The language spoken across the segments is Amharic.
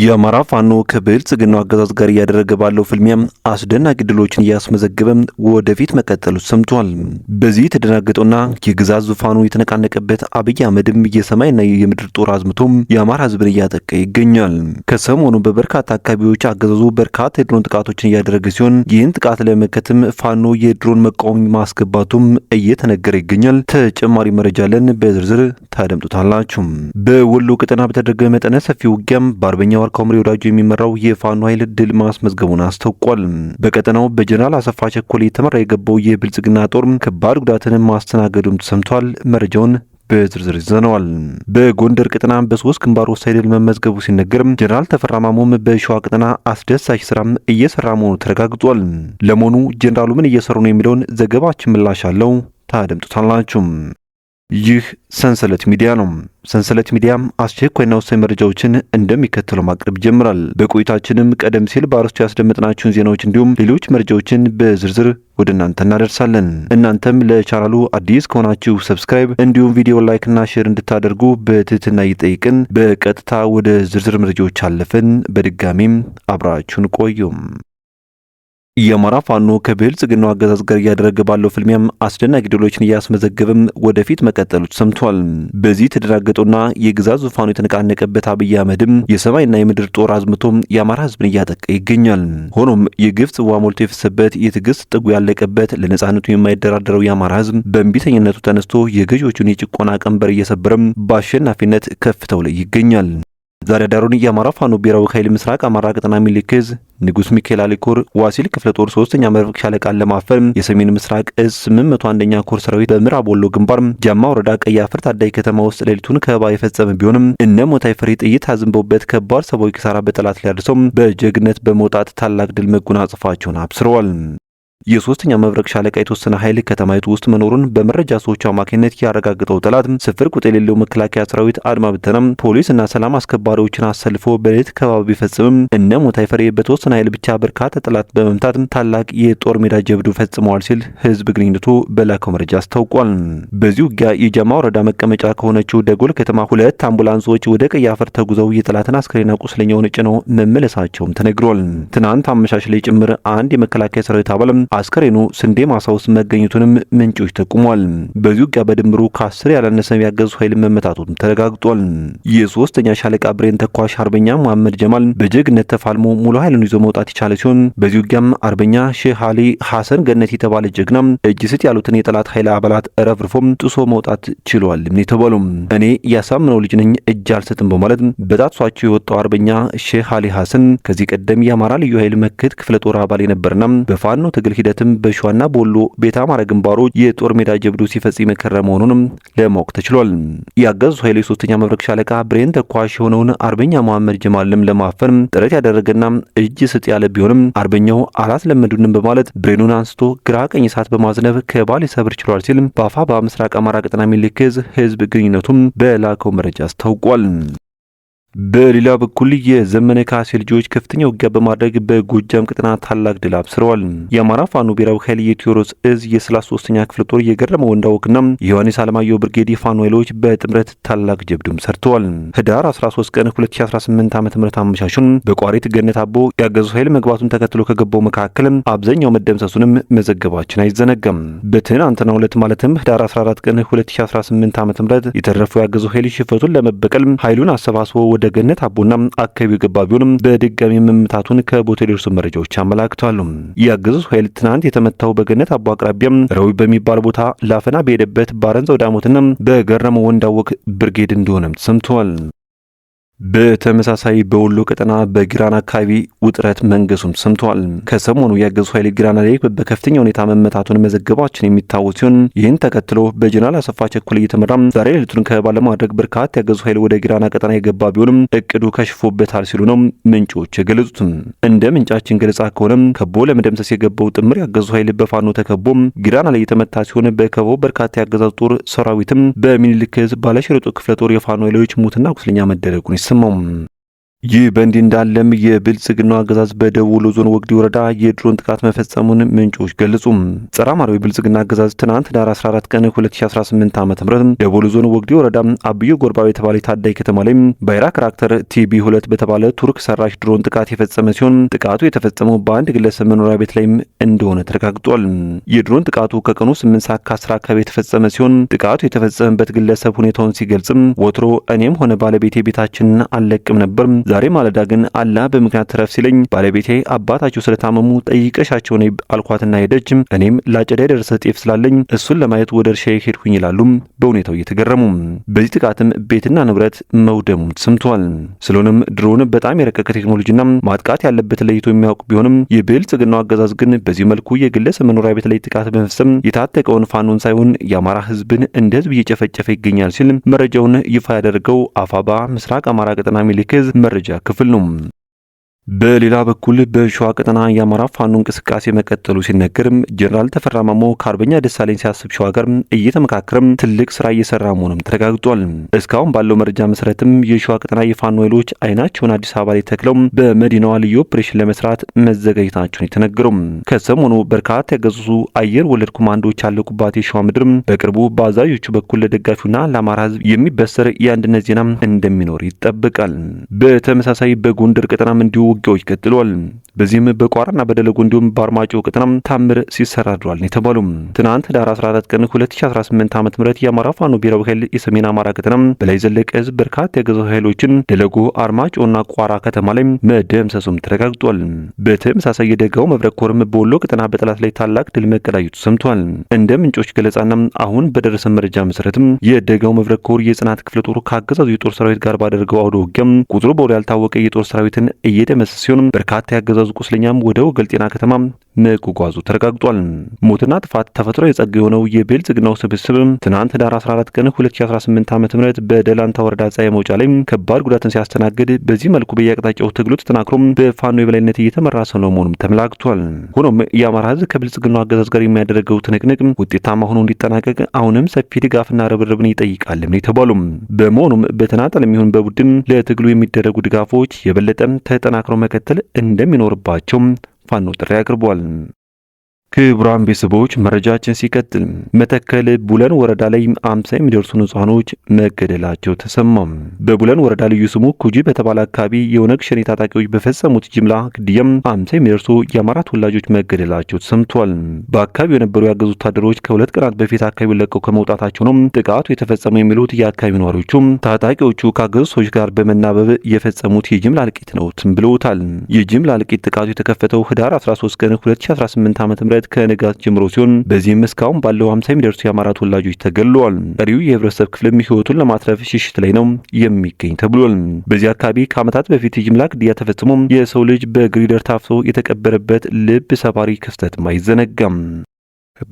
የአማራ ፋኖ ከብልጽግናው አገዛዝ ጋር እያደረገ ባለው ፍልሚያም አስደናቂ ድሎችን እያስመዘገበ ወደፊት መቀጠሉ ሰምቷል። በዚህ የተደናገጠውና የግዛት ዙፋኑ የተነቃነቀበት አብይ አህመድም የሰማይና የምድር ጦር አዝምቶም የአማራ ህዝብን እያጠቀ ይገኛል። ከሰሞኑ በበርካታ አካባቢዎች አገዛዙ በርካታ የድሮን ጥቃቶችን እያደረገ ሲሆን ይህን ጥቃት ለመመከትም ፋኖ የድሮን መቃወም ማስገባቱም እየተነገረ ይገኛል። ተጨማሪ መረጃ ለን በዝርዝር ታደምጡታላችሁ። በወሎ ቀጠና በተደረገ መጠነ ሰፊ ውጊያም በአርበኛው በጀኔራል ካምሪ ወዳጁ የሚመራው የፋኖ ኃይል ድል ማስመዝገቡን አስታውቋል። በቀጠናው በጀኔራል አሰፋ ቸኮል የተመራ የገባው የብልጽግና ጦር ከባድ ጉዳትን ማስተናገዱም ተሰምቷል። መረጃውን በዝርዝር ይዘነዋል። በጎንደር ቅጥና በሶስት ግንባር ወሳኝ ድል መመዝገቡ ሲነገር፣ ጀነራል ተፈራ ማሞም በሸዋ ቅጥና አስደሳች ስራም እየሰራ መሆኑ ተረጋግጧል። ለመሆኑ ጀነራሉ ምን እየሰሩ ነው የሚለውን ዘገባችን ምላሽ አለው። ታደምጡታላችሁ። ይህ ሰንሰለት ሚዲያ ነው። ሰንሰለት ሚዲያም አስቸኳይና ወሳኝ መረጃዎችን እንደሚከተለው ማቅረብ ይጀምራል። በቆይታችንም ቀደም ሲል በአርስቱ ያስደመጥናችሁን ዜናዎች እንዲሁም ሌሎች መረጃዎችን በዝርዝር ወደ እናንተ እናደርሳለን። እናንተም ለቻናሉ አዲስ ከሆናችሁ ሰብስክራይብ፣ እንዲሁም ቪዲዮ ላይክና ሼር እንድታደርጉ በትህትና እየጠየቅን በቀጥታ ወደ ዝርዝር መረጃዎች አለፍን። በድጋሚም አብራችሁን ቆዩም። የአማራ ፋኖ ከብልጽግናው አገዛዝ ጋር እያደረገ ባለው ፍልሚያም አስደናቂ ድሎችን እያስመዘገበም ወደፊት መቀጠሉ ሰምቷል። በዚህ የተደናገጠውና የግዛት ዙፋኑ የተነቃነቀበት አብይ አህመድም የሰማይና የምድር ጦር አዝምቶም የአማራ ህዝብን እያጠቃ ይገኛል። ሆኖም የግፍ ጽዋ ሞልቶ የፈሰበት የትዕግስት ጥጉ ያለቀበት ለነጻነቱ የማይደራደረው የአማራ ህዝብ በእንቢተኝነቱ ተነስቶ የገዢዎቹን የጭቆና ቀንበር እየሰበረም በአሸናፊነት ከፍተው ላይ ይገኛል። ዛሬ አዳሩን የአማራ ፋኖ ብሔራዊ ኃይል ምስራቅ አማራ ቀጠና ሚሊክዝ ንጉስ ሚካኤል አሊኮር ዋሲል ክፍለ ጦር ሶስተኛ መብረቅ ሻለቃን ለማፈን የሰሜን ምስራቅ እዝ ስምንት መቶ አንደኛ ኮር ሰራዊት በምዕራብ ወሎ ግንባር ጃማ ወረዳ ቀይ አፈር ታዳይ ከተማ ውስጥ ሌሊቱን ከበባ የፈጸመ ቢሆንም እነ ሞታይ ፍሬ ጥይት አዝንበውበት ከባድ ሰብአዊ ኪሳራ በጠላት ሊያደርሰው በጀግነት በመውጣት ታላቅ ድል መጎናጸፋቸውን አብስረዋል። የሶስተኛ መብረቅ ሻለቃ የተወሰነ ኃይል ከተማይቱ ውስጥ መኖሩን በመረጃ ሰዎች አማካኝነት ያረጋግጠው ጠላት ስፍር ቁጥር የሌለው መከላከያ ሰራዊት አድማ ብተናም ፖሊስና ሰላም አስከባሪዎችን አሰልፎ በሌት ከባብ ቢፈጽምም እነ ሞታይ ፈሬ በተወሰነ ኃይል ብቻ በርካታ ጠላት በመምታት ታላቅ የጦር ሜዳ ጀብዱ ፈጽመዋል ሲል ህዝብ ግንኙነቱ በላከው መረጃ አስታውቋል። በዚህ ውጊያ የጃማ ወረዳ መቀመጫ ከሆነችው ደጎል ከተማ ሁለት አምቡላንሶች ወደ ቀይ አፈር ተጉዘው የጠላትን አስከሬና ቁስለኛውን ጭነው መመለሳቸውም ተነግሯል። ትናንት አመሻሽ ላይ ጭምር አንድ የመከላከያ ሰራዊት አባልም አስከሬኑ ስንዴ ማሳ ውስጥ መገኘቱንም ምንጮች ጠቁሟል። በዚሁ ውጊያ በድምሩ ከአስር ያላነሰ ያገዙ ኃይል መመታቱም ተረጋግጧል። የሶስተኛ ሻለቃ ብሬን ተኳሽ አርበኛ መሐመድ ጀማል በጀግነት ተፋልሞ ሙሉ ኃይሉን ይዞ መውጣት የቻለ ሲሆን በዚሁ ውጊያም አርበኛ ሼህ አሊ ሐሰን ገነት የተባለ ጀግና እጅ ስጥ ያሉትን የጠላት ኃይል አባላት ረፍርፎም ጥሶ መውጣት ችሏል የተባሉ እኔ ያሳምነው ልጅ ነኝ እጅ አልሰጥም በማለት በጣቷቸው የወጣው አርበኛ ሼህ አሊ ሐሰን ከዚህ ቀደም የአማራ ልዩ ኃይል መክት ክፍለ ጦር አባል የነበርና በፋኖ ትግል ሂደትም በሸዋና በወሎ ቤተ አማራ ግንባሮች የጦር ሜዳ ጀብዱ ሲፈጽም የከረ መሆኑንም ለማወቅ ተችሏል። ያገዙ ኃይል የሶስተኛ መብረቅ ሻለቃ ብሬን ተኳሽ የሆነውን አርበኛ መሐመድ ጀማልም ለማፈን ጥረት ያደረገና እጅ ስጥ ያለ ቢሆንም አርበኛው አላስለመዱንም በማለት ብሬኑን አንስቶ ግራ ቀኝ ሰዓት በማዝነብ ከባል ሰብር ችሏል ሲል በአፋ በምስራቅ አማራ ቀጠና ሚልክዝ ህዝብ ግንኙነቱም በላከው መረጃ አስታውቋል። በሌላ በኩል የዘመነ ካሴ ልጆች ከፍተኛ ውጊያ በማድረግ በጎጃም ቅጥና ታላቅ ድል አብስረዋል። የአማራ ፋኖ ብሔራዊ ኃይል የቴዎድሮስ እዝ የሰላሳ ሶስተኛ ክፍለ ጦር የገረመ ወንዳወቅና የዮሐንስ አለማየሁ ብርጌድ የፋኖ ኃይሎች በጥምረት ታላቅ ጀብዱም ሰርተዋል። ህዳር 13 ቀን 2018 ዓ ም አመሻሹን በቋሪት ገነት አቦ ያገዙ ኃይል መግባቱን ተከትሎ ከገባው መካከል አብዛኛው መደምሰሱንም መዘገባችን አይዘነጋም። በትናንትናው ዕለት ማለትም ህዳር 14 ቀን 2018 ዓ ም የተረፈው ያገዙ ኃይል ሽፈቱን ለመበቀል ኃይሉን አሰባስቦ ወደ ገነት አቦና አካባቢው የገባ ቢሆንም በድጋሚ መምታቱን ከቦታ የደረሱ መረጃዎች አመላክቷሉ። የአገዛዙ ኃይል ትናንት የተመታው በገነት አቦ አቅራቢያም ረዊ በሚባል ቦታ ላፈና በሄደበት ባረንዘው ዳሞትና በገረመው ወንዳወቅ ብርጌድ እንደሆነም ተሰምተዋል። በተመሳሳይ በወሎ ቀጠና በግራና አካባቢ ውጥረት መንገሱም ሰምቷል ከሰሞኑ የአገዙ ኃይል ግራና ላይ በከፍተኛ ሁኔታ መመታቱን መዘገባችን የሚታወስ ሲሆን ይህን ተከትሎ በጀነራል አሰፋ ቸኮል እየተመራ ዛሬ ሌሊቱን ከባለማድረግ በርካታ የአገዙ ኃይል ወደ ግራና ቀጠና የገባ ቢሆንም እቅዱ ከሽፎበታል ሲሉ ነው ምንጮች የገለጹትም። እንደ ምንጫችን ገለጻ ከሆነም ከቦ ለመደምሰስ የገባው ጥምር ያገዙ ኃይል በፋኖ ተከቦም ግራና ላይ የተመታ ሲሆን በከቦ በርካታ ያገዛዙ ጦር ሰራዊትም በሚኒልክ ህዝብ ባለሸረጡ ክፍለ ጦር የፋኖ ኃይሎች ሙትና ቁስለኛ መደረጉን ይሰ สมุม ይህ በእንዲህ እንዳለም የብልጽግናው አገዛዝ በደቡብ ወሎ ዞን ወግዲ ወረዳ የድሮን ጥቃት መፈጸሙን ምንጮች ገለጹ። ጸረ አማራዊ ብልጽግና አገዛዝ ትናንት ዳር 14 ቀን 2018 ዓ ም ደቡብ ወሎ ዞን ወግዲ ወረዳ አብዮ ጎርባ የተባለ የታዳይ ከተማ ላይ ባይራ ካራክተር ቲቢ ሁለት በተባለ ቱርክ ሰራሽ ድሮን ጥቃት የፈጸመ ሲሆን ጥቃቱ የተፈጸመው በአንድ ግለሰብ መኖሪያ ቤት ላይም እንደሆነ ተረጋግጧል። የድሮን ጥቃቱ ከቀኑ 8 ሰዓት ከ10 አካባቢ የተፈጸመ ሲሆን ጥቃቱ የተፈጸመበት ግለሰብ ሁኔታውን ሲገልጽም ወትሮ እኔም ሆነ ባለቤቴ ቤታችንን አልለቅም ነበር ዛሬ ማለዳ ግን አላ በምክንያት ተረፍ ሲለኝ ባለቤቴ አባታቸው ስለታመሙ ጠይቀሻቸው ነይ አልኳትና ሄደችም። እኔም ላጨዳ የደረሰ ጤፍ ስላለኝ እሱን ለማየት ወደ እርሻ ሄድኩኝ ይላሉም በሁኔታው እየተገረሙ። በዚህ ጥቃትም ቤትና ንብረት መውደሙ ተሰምቷል። ስለሆነም ድሮን በጣም የረቀቀ ቴክኖሎጂና ማጥቃት ያለበት ለይቶ የሚያውቅ ቢሆንም የብልጽግናው አገዛዝ ግን በዚህ መልኩ የግለሰብ መኖሪያ ቤት ላይ ጥቃት በመፍሰም የታጠቀውን ፋኖን ሳይሆን የአማራ ህዝብን እንደ ህዝብ እየጨፈጨፈ ይገኛል ሲል መረጃውን ይፋ ያደረገው አፋባ ምስራቅ አማራ ቀጠና ሚሊክዝ መረጃ ደረጃ ክፍል ነው በሌላ በኩል በሸዋ ቀጠና የአማራ ፋኖ እንቅስቃሴ መቀጠሉ ሲነገርም ጀኔራል ተፈራ ማሞ ከአርበኛ ደሳለኝ ሲያስብ ሸዋ ጋር እየተመካከረም ትልቅ ስራ እየሰራ መሆኑም ተረጋግጧል። እስካሁን ባለው መረጃ መሰረትም የሸዋ ቀጠና የፋኖ ኃይሎች አይናቸውን አዲስ አበባ ላይ ተክለው በመዲናዋ ልዩ ኦፕሬሽን ለመስራት መዘጋጀታቸውን የተነገረው ከሰሞኑ በርካታ ያገዙ አየር ወለድ ኮማንዶዎች ያለቁባት የሸዋ ምድር በቅርቡ በአዛዦቹ በኩል ለደጋፊውና ለአማራ ህዝብ የሚበሰር የአንድነት ዜና እንደሚኖር ይጠበቃል። በተመሳሳይ በጎንደር ቀጠናም እንዲሁ ውጊያዎች ቀጥሏል። በዚህም በቋራና በደለጎ እንዲሁም በአርማጭ ቀጠና ታምር ሲሰራ ድሯል የተባሉ። ትናንት ዳር 14 ቀን 2018 ዓ.ም የአማራ ፋኖ ብሔራዊ ኃይል የሰሜን አማራ ቀጠና በላይ ዘለቀ ህዝብ በርካታ የገዛ ኃይሎችን ደለጎ፣ አርማጮና ቋራ ከተማ ላይ መደምሰሱም ተረጋግጧል። በተመሳሳይ የደጋው መብረቅ ኮርም በወሎ ቅጥና በጠላት ላይ ታላቅ ድል መቀዳጀቱ ሰምቷል። እንደ ምንጮች ገለጻና አሁን በደረሰ መረጃ መሰረትም የደጋው መብረቅ ኮር የጽናት ክፍለ ጦር ከአገዛዙ የጦር ሰራዊት ጋር ባደረገው አውደ ውጊያም ቁጥሩ በውል ያልታወቀ የጦር ሰራዊትን እየደመሰ ሲሆን በርካታ ያገዛ አገዛዙ ቁስለኛም ወደ ወገል ጤና ከተማ መጓጓዙ ተረጋግጧል። ሞትና ጥፋት ተፈጥሮ የጸጋ የሆነው የብልጽግናው ስብስብ ትናንት ዳር 14 ቀን 2018 ዓ ም በደላንታ ወረዳ ፀሐይ መውጫ ላይ ከባድ ጉዳትን ሲያስተናግድ በዚህ መልኩ በየአቅጣጫው ትግሉ ተጠናክሮ በፋኖ የበላይነት እየተመራ ስለመሆኑም ተመላክቷል። ሆኖም የአማራ ህዝብ ከብልጽግናው አገዛዝ ጋር የሚያደረገው ትንቅንቅ ውጤታማ ሆኖ እንዲጠናቀቅ አሁንም ሰፊ ድጋፍና ርብርብን ይጠይቃልም የተባሉ በመሆኑም በተናጠል የሚሆን በቡድን ለትግሉ የሚደረጉ ድጋፎች የበለጠ ተጠናክረው መቀጠል እንደሚኖር እንዲኖርባቸውም ፋኖ ጥሪ አቅርቧል። ክቡራን ቤተሰቦች መረጃችን ሲቀጥል መተከል ቡለን ወረዳ ላይ አምሳ የሚደርሱ ንጹሐኖች መገደላቸው ተሰማም። በቡለን ወረዳ ልዩ ስሙ ኩጂ በተባለ አካባቢ የኦነግ ሸኔ ታጣቂዎች በፈጸሙት ጅምላ ግድያም አምሳ የሚደርሱ የአማራ ተወላጆች መገደላቸው ተሰምቷል። በአካባቢው የነበሩ ያገዙ ወታደሮች ከሁለት ቀናት በፊት አካባቢውን ለቀው ከመውጣታቸው ነው ጥቃቱ የተፈጸመው የሚሉት የአካባቢ ነዋሪዎቹም ታጣቂዎቹ ካገዙ ሰዎች ጋር በመናበብ የፈጸሙት የጅምላ እልቂት ነው ብለውታል። የጅምላ እልቂት ጥቃቱ የተከፈተው ህዳር 13 ቀን 2018 ዓ ም ዕለት ከንጋት ጀምሮ ሲሆን በዚህም እስካሁን ባለው 50 የሚደርሱ የአማራ ተወላጆች ተገለዋል። ቀሪው የህብረተሰብ ክፍልም ህይወቱን ለማትረፍ ሽሽት ላይ ነው የሚገኝ ተብሏል። በዚህ አካባቢ ከዓመታት በፊት የጅምላ ግድያ ተፈጽሞ የሰው ልጅ በግሪደር ታፍሶ የተቀበረበት ልብ ሰባሪ ክስተት አይዘነጋም።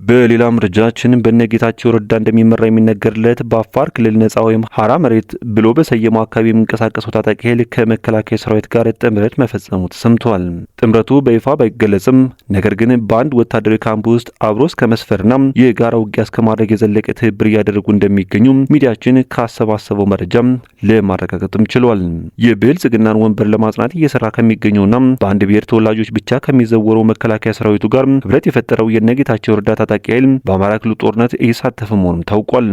በሌላ መረጃችን በነጌታቸው ረዳ እንደሚመራ የሚነገርለት በአፋር ክልል ነጻ ወይም ሀራ መሬት ብሎ በሰየመው አካባቢ የሚንቀሳቀሰው ታጣቂ ኃይል ከመከላከያ ሰራዊት ጋር ጥምረት መፈጸሙ ተሰምተዋል። ጥምረቱ በይፋ ባይገለጽም ነገር ግን በአንድ ወታደራዊ ካምፕ ውስጥ አብሮ እስከ መስፈርና የጋራ ውጊያ እስከ ማድረግ የዘለቀ ትብብር እያደረጉ እንደሚገኙ ሚዲያችን ካሰባሰበው መረጃ ለማረጋገጥም ችሏል። የብልጽግናን ወንበር ለማጽናት እየሰራ ከሚገኘውና በአንድ ብሔር ተወላጆች ብቻ ከሚዘወረው መከላከያ ሰራዊቱ ጋር ህብረት የፈጠረው የነጌታቸው ረዳ ታጣቂ ኃይል በአማራ ክልል ጦርነት እየሳተፈ መሆኑም ታውቋል።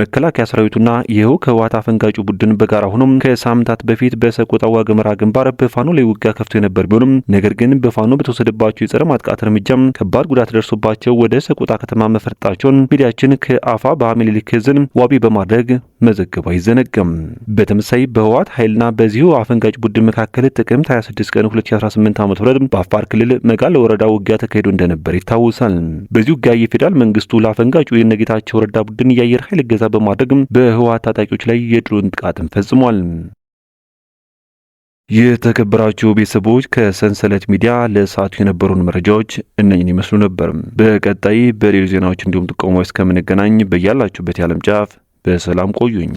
መከላከያ ሰራዊቱና ይኸው ከህወሓት አፈንጋጩ ቡድን በጋራ ሆኖም ከሳምንታት በፊት በሰቆጣ ዋግምራ ግንባር በፋኖ ላይ ውጊያ ከፍቶ የነበር ቢሆንም ነገር ግን በፋኖ በተወሰደባቸው የጸረ ማጥቃት እርምጃም ከባድ ጉዳት ደርሶባቸው ወደ ሰቆጣ ከተማ መፈርጣቸውን ሚዲያችን ከአፋ በአሜሊክ ህዝን ዋቢ በማድረግ መዘገቡ አይዘነጋም። በተመሳይ በህወሓት ኃይልና በዚሁ አፈንጋጭ ቡድን መካከል ጥቅምት 26 ቀን 2018 ም በአፋር ክልል መጋለ ወረዳ ውጊያ ተካሂዶ እንደነበር ይታወሳል። በዚህ ውጊያ ጋይ ፌዴራል መንግስቱ ላፈንጋጩ የነጌታቸው ረዳ ቡድን የአየር ኃይል እገዛ በማድረግም በህወሓት ታጣቂዎች ላይ የድሮን ጥቃትን ፈጽሟል። የተከበራችሁ ቤተሰቦች ከሰንሰለት ሚዲያ ለሰዓቱ የነበሩን መረጃዎች እነኝን ይመስሉ ነበር። በቀጣይ በሌሎች ዜናዎች እንዲሁም ጥቆማዎች እስከምንገናኝ በያላችሁበት የዓለም ጫፍ በሰላም ቆዩኝ።